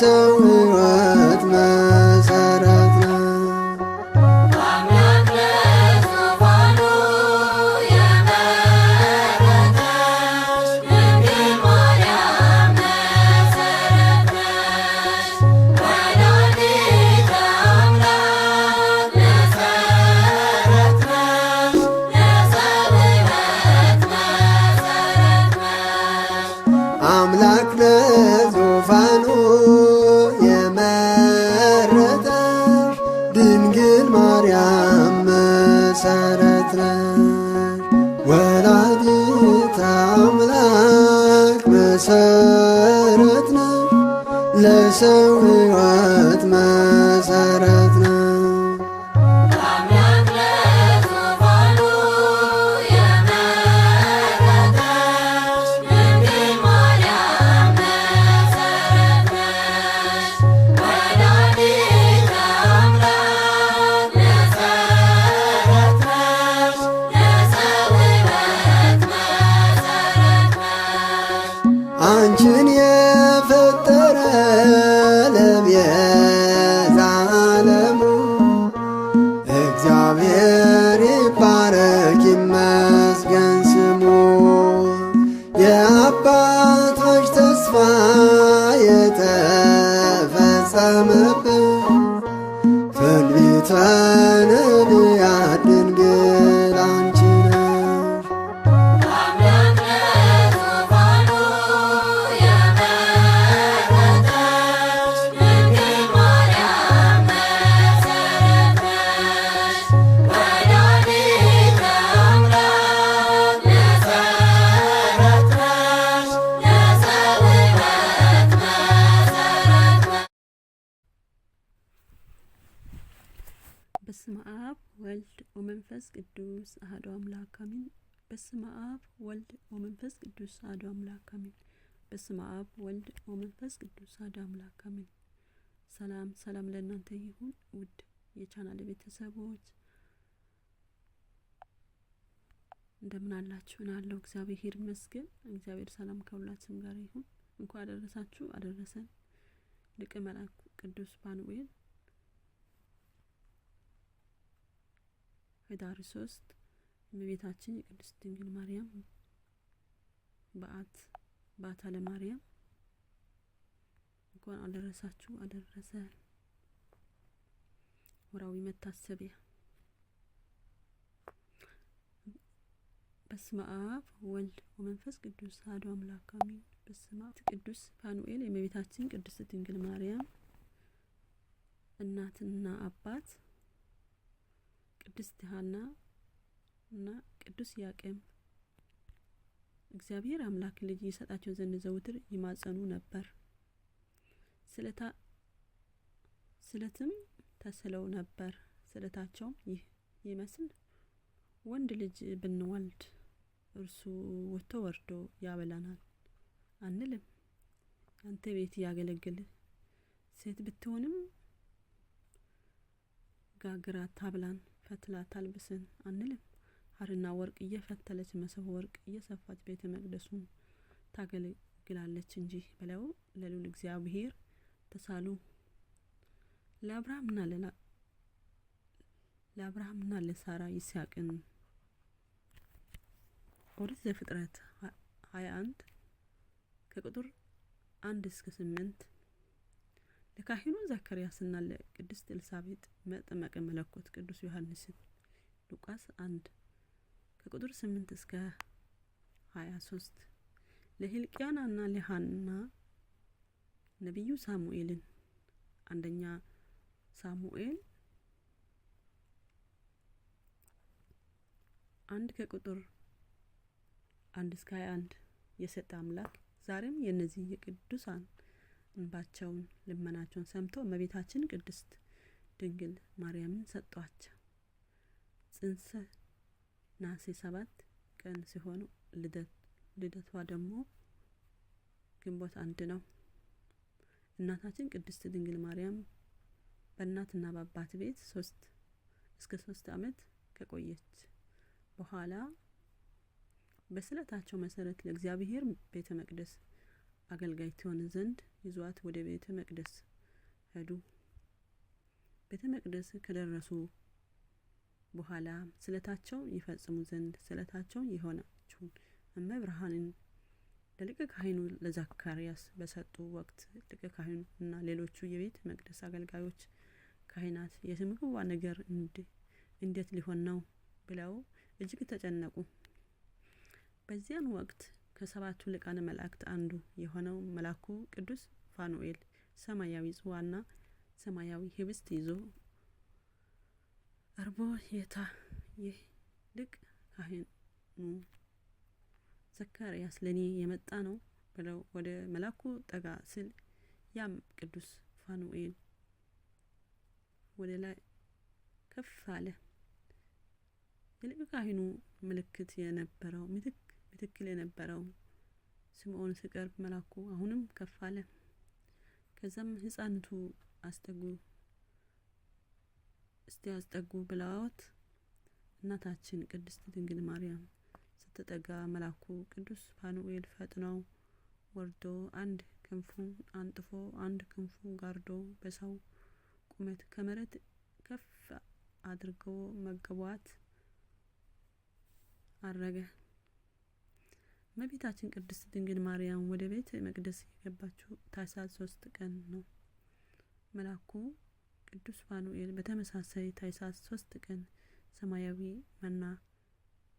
coração ለሰው ሕይወት መሰረት በስመ አብ ወልድ ወመንፈስ ቅዱስ አሐዱ አምላክ አሜን። በስመ አብ ወልድ ወመንፈስ ቅዱስ አሐዱ አምላክ አሜን። በስመ አብ ወልድ ወመንፈስ ቅዱስ አሐዱ አምላክ አሜን። ሰላም ሰላም ለእናንተ ይሁን ውድ የቻናል ቤተሰቦች እንደምን አላችሁ? ናለው እግዚአብሔር ይመስገን። እግዚአብሔር ሰላም ከሁላችን ጋር ይሁን። እንኳን አደረሳችሁ አደረሰን። ሊቀ መላእክት ቅዱስ ፋኑኤል ህዳር ሶስት እመቤታችን የቅድስት ድንግል ማርያም በዓት በዓታ ለማርያም እንኳን አደረሳችሁ አደረሰ። ወራዊ መታሰቢያ በስመ አብ ወልድ ወመንፈስ ቅዱስ አሐዱ አምላክ አሜን። በስመ አብ ቅዱስ ፋኑኤል የእመቤታችን ቅድስት ድንግል ማርያም እናትና አባት ቅድስት ሐና እና ቅዱስ ያቄም እግዚአብሔር አምላክ ልጅ ይሰጣቸው ዘንድ ዘውትር ይማጸኑ ነበር። ስለታ ስለትም ተስለው ነበር። ስለታቸውም ይህ ይመስል ወንድ ልጅ ብንወልድ እርሱ ወጥቶ ወርዶ ያበላናል አንልም፣ አንተ ቤት ያገለግል። ሴት ብትሆንም ጋግራ ታብላን ፈትላ ታልብስን አንልም። ሀርና ወርቅ እየፈተለች መሶበ ወርቅ እየሰፋች ቤተ መቅደሱን ታገለግላለች እንጂ ብለው ለሉል እግዚአብሔር ተሳሉ። ለአብርሃምና ለአብርሃምና ለሳራ ይስያቅን ኦሪት ዘፍጥረት ሀያ አንድ ከቁጥር አንድ እስከ ስምንት ለካህኑ ዘካርያስና ለቅድስት ኤልሳቤጥ መጥመቀ መለኮት ቅዱስ ዮሐንስን ሉቃስ አንድ ከቁጥር ስምንት እስከ ሀያ ሶስት ለሂልቅያናና ለሀና ነቢዩ ሳሙኤልን አንደኛ ሳሙኤል አንድ ከቁጥር አንድ እስከ ሀያ አንድ የሰጠ አምላክ ዛሬም የእነዚህ የቅዱሳን እንባቸውን ልመናቸውን ሰምቶ እመቤታችን ቅድስት ድንግል ማርያምን ሰጧቸው። ጽንሰ ነሐሴ ሰባት ቀን ሲሆኑ ልደት ልደቷ ደግሞ ግንቦት አንድ ነው። እናታችን ቅድስት ድንግል ማርያም በእናትና በአባት ቤት ሶስት እስከ ሶስት አመት ከቆየች በኋላ በስለታቸው መሰረት ለእግዚአብሔር ቤተ መቅደስ አገልጋይ ትሆን ዘንድ ይዟት ወደ ቤተ መቅደስ ሄዱ። ቤተ መቅደስ ከደረሱ በኋላ ስለታቸው ይፈጽሙ ዘንድ ስለታቸው የሆናችሁን እመብርሃንን ለሊቀ ካህኑ ለዘካርያስ በሰጡ ወቅት ሊቀ ካህኑ እና ሌሎቹ የቤተ መቅደስ አገልጋዮች ካህናት የምግቧ ነገር እንዴት ሊሆን ነው ብለው እጅግ ተጨነቁ። በዚያን ወቅት ከሰባቱ ልቃነ መላእክት አንዱ የሆነው መልአኩ ቅዱስ ፋኑኤል ሰማያዊ ጽዋና ሰማያዊ ህብስት ይዞ ቀርቦ የታ ይህ ልቅ ካህኑ ዘካርያስ ለእኔ የመጣ ነው ብለው ወደ መልአኩ ጠጋ ስል ያም ቅዱስ ፋኑኤል ወደ ላይ ከፍ አለ። የልቅ ካህኑ ምልክት የነበረው ምትክ ትክክል የነበረው ስምዖን ሲቀርብ መላኩ አሁንም ከፍ አለ። ከዛም ህጻንቱ አስተጉ እስቲ አስጠጉ ብለዋት እናታችን ቅድስት ድንግል ማርያም ስትጠጋ መላኩ ቅዱስ ፋኑኤል ፈጥነው ወርዶ አንድ ክንፉን አንጥፎ አንድ ክንፉ ጋርዶ በሰው ቁመት ከመሬት ከፍ አድርጎ መገቧት አረገ። እመቤታችን ቅድስት ድንግል ማርያም ወደ ቤተ መቅደስ የገባችው ታኅሳስ ሶስት ቀን ነው። መልአኩ ቅዱስ ፋኑኤል በተመሳሳይ ታኅሳስ ሶስት ቀን ሰማያዊ መና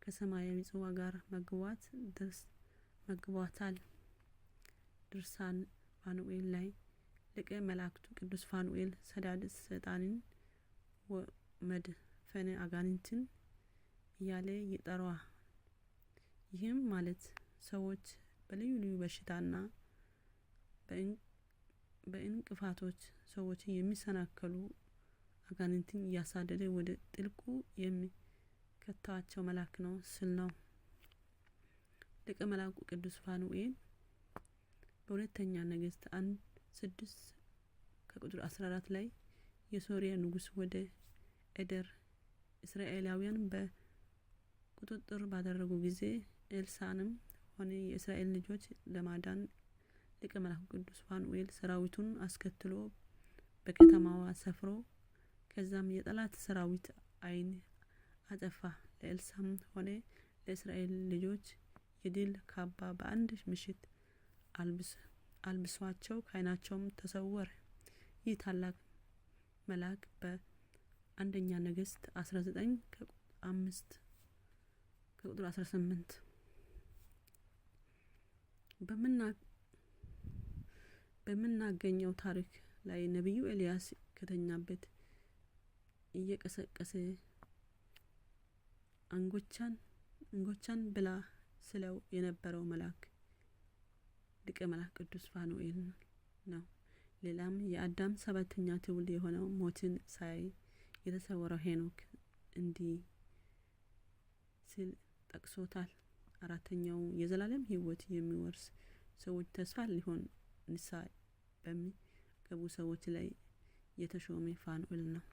ከሰማያዊ ጽዋ ጋር መግቧት ድርስ መግቧታል። ድርሳን ፋኑኤል ላይ ሊቀ መላእክቱ ቅዱስ ፋኑኤል ሰዳድ ሰይጣንን ወመድፈነ አጋንንትን እያለ ይጠራዋል። ይህም ማለት ሰዎች በልዩ ልዩ በሽታና በእንቅፋቶች ሰዎችን የሚሰናከሉ አጋንንትን እያሳደደ ወደ ጥልቁ የሚከተዋቸው መልአክ ነው ስል ነው። ደቀ መልአኩ ቅዱስ ፋኑኤል በሁለተኛ ነገስት አንድ ስድስት ከቁጥር አስራ አራት ላይ የሶሪያ ንጉስ ወደ ኤደር እስራኤላውያን በ ቁጥጥር ባደረጉ ጊዜ ኤልሳንም ሆነ የእስራኤል ልጆች ለማዳን ሊቀ መልአኩ ቅዱስ ፋኑኤል ሰራዊቱን አስከትሎ በከተማዋ ሰፍሮ ከዛም የጠላት ሰራዊት ዓይን አጠፋ። ለኤልሳም ሆነ ለእስራኤል ልጆች የድል ካባ በአንድ ምሽት አልብሷቸው ከዓይናቸውም ተሰወረ። ይህ ታላቅ መልአክ በአንደኛ ነገስት አስራ ዘጠኝ ከቁጥር አምስት ከቁጥር 18 በምናገኘው ታሪክ ላይ ነቢዩ ኤልያስ ከተኛበት እየቀሰቀሰ አንጎቻን እንጎቻን ብላ ስለው የነበረው መልአክ ሊቀ መልአክ ቅዱስ ፋኑኤል ነው። ሌላም የአዳም ሰባተኛ ትውልድ የሆነው ሞትን ሳይ የተሰወረው ሄኖክ እንዲህ ሲል ጠቅሶታል። አራተኛው የዘላለም ህይወት የሚወርስ ሰዎች ተስፋ ሊሆን ንሳ በሚገቡ ሰዎች ላይ የተሾመ ፋኑኤል ነው።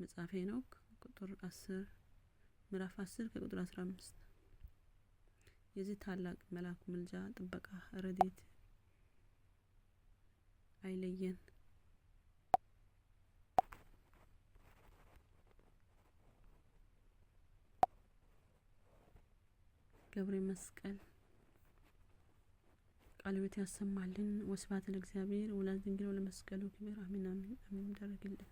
መጽሐፈ ሄኖክ ቁጥር አስር ምዕራፍ አስር ከቁጥር አስራ አምስት የዚህ ታላቅ መልአክ ምልጃ፣ ጥበቃ፣ ረድኤት አይለየን። ገብረ መስቀል ቃልቤት ያሰማልን። ወስብሐት ለእግዚአብሔር ወለወላዲቱ ድንግል ወለመስቀሉ ክቡር። አሜን አሜን አሜን። ይደረግልን።